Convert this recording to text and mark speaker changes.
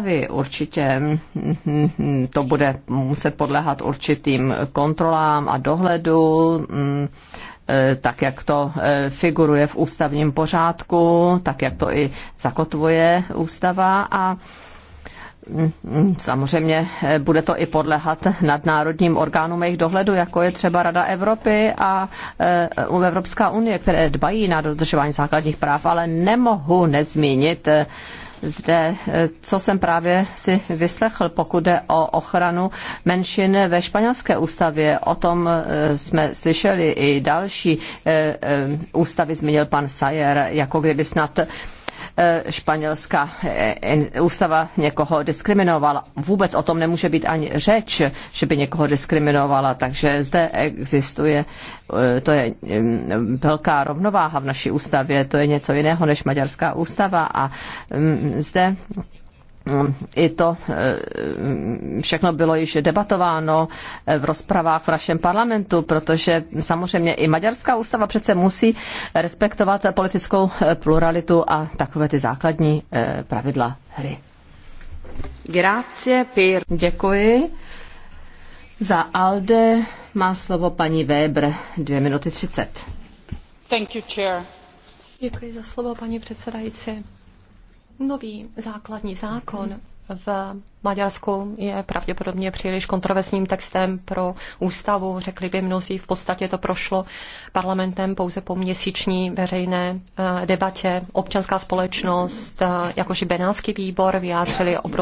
Speaker 1: Vy určitě mm, mm, mm, to bude muset podléhat určitým kontrolám a dohledu, e, tak jak to e, figuruje v ústavním pořádku, tak jak to i zakotvuje ústava a Samozřejmě e, bude to i podlehat nadnárodním orgánům jejich dohledu, jako je třeba Rada Evropy a Evropská unie, které dbají na dodržování základních práv, ale nemohu nezmínit zde, eh, co jsem právě si vyslechl, pokud jde o ochranu menšin ve španělské ústavě. O tom eh, jsme slyšeli i další eh, ústavy, zmínil pan Sayer, jako kdyby snad E, španělská e, ústava někoho diskriminovala. Vůbec o tom nemůže být ani řeč, že by někoho diskriminovala, takže zde existuje, e, to je velká rovnováha v naší ústavě, to je něco jiného než maďarská ústava a zde i to eh, všechno bylo již debatováno eh, v rozpravách v našem parlamentu, protože samozřejmě i maďarská ústava přece musí respektovat politickou eh, pluralitu a takové ty základní pravidla hry. Grazie per... Děkuji. Za ALDE má slovo paní Weber, dvě minuty třicet. Thank you, chair.
Speaker 2: Děkuji za slovo, paní předsedající. Nový základní zákon v Maďarsku je pravděpodobně příliš kontroversním textem pro ústavu. Řekli by mnozí, v podstatě to prošlo parlamentem pouze po měsíční veřejné eh, debatě. Občanská společnost, eh, jakož i Benátský výbor, vyjádřili obrovské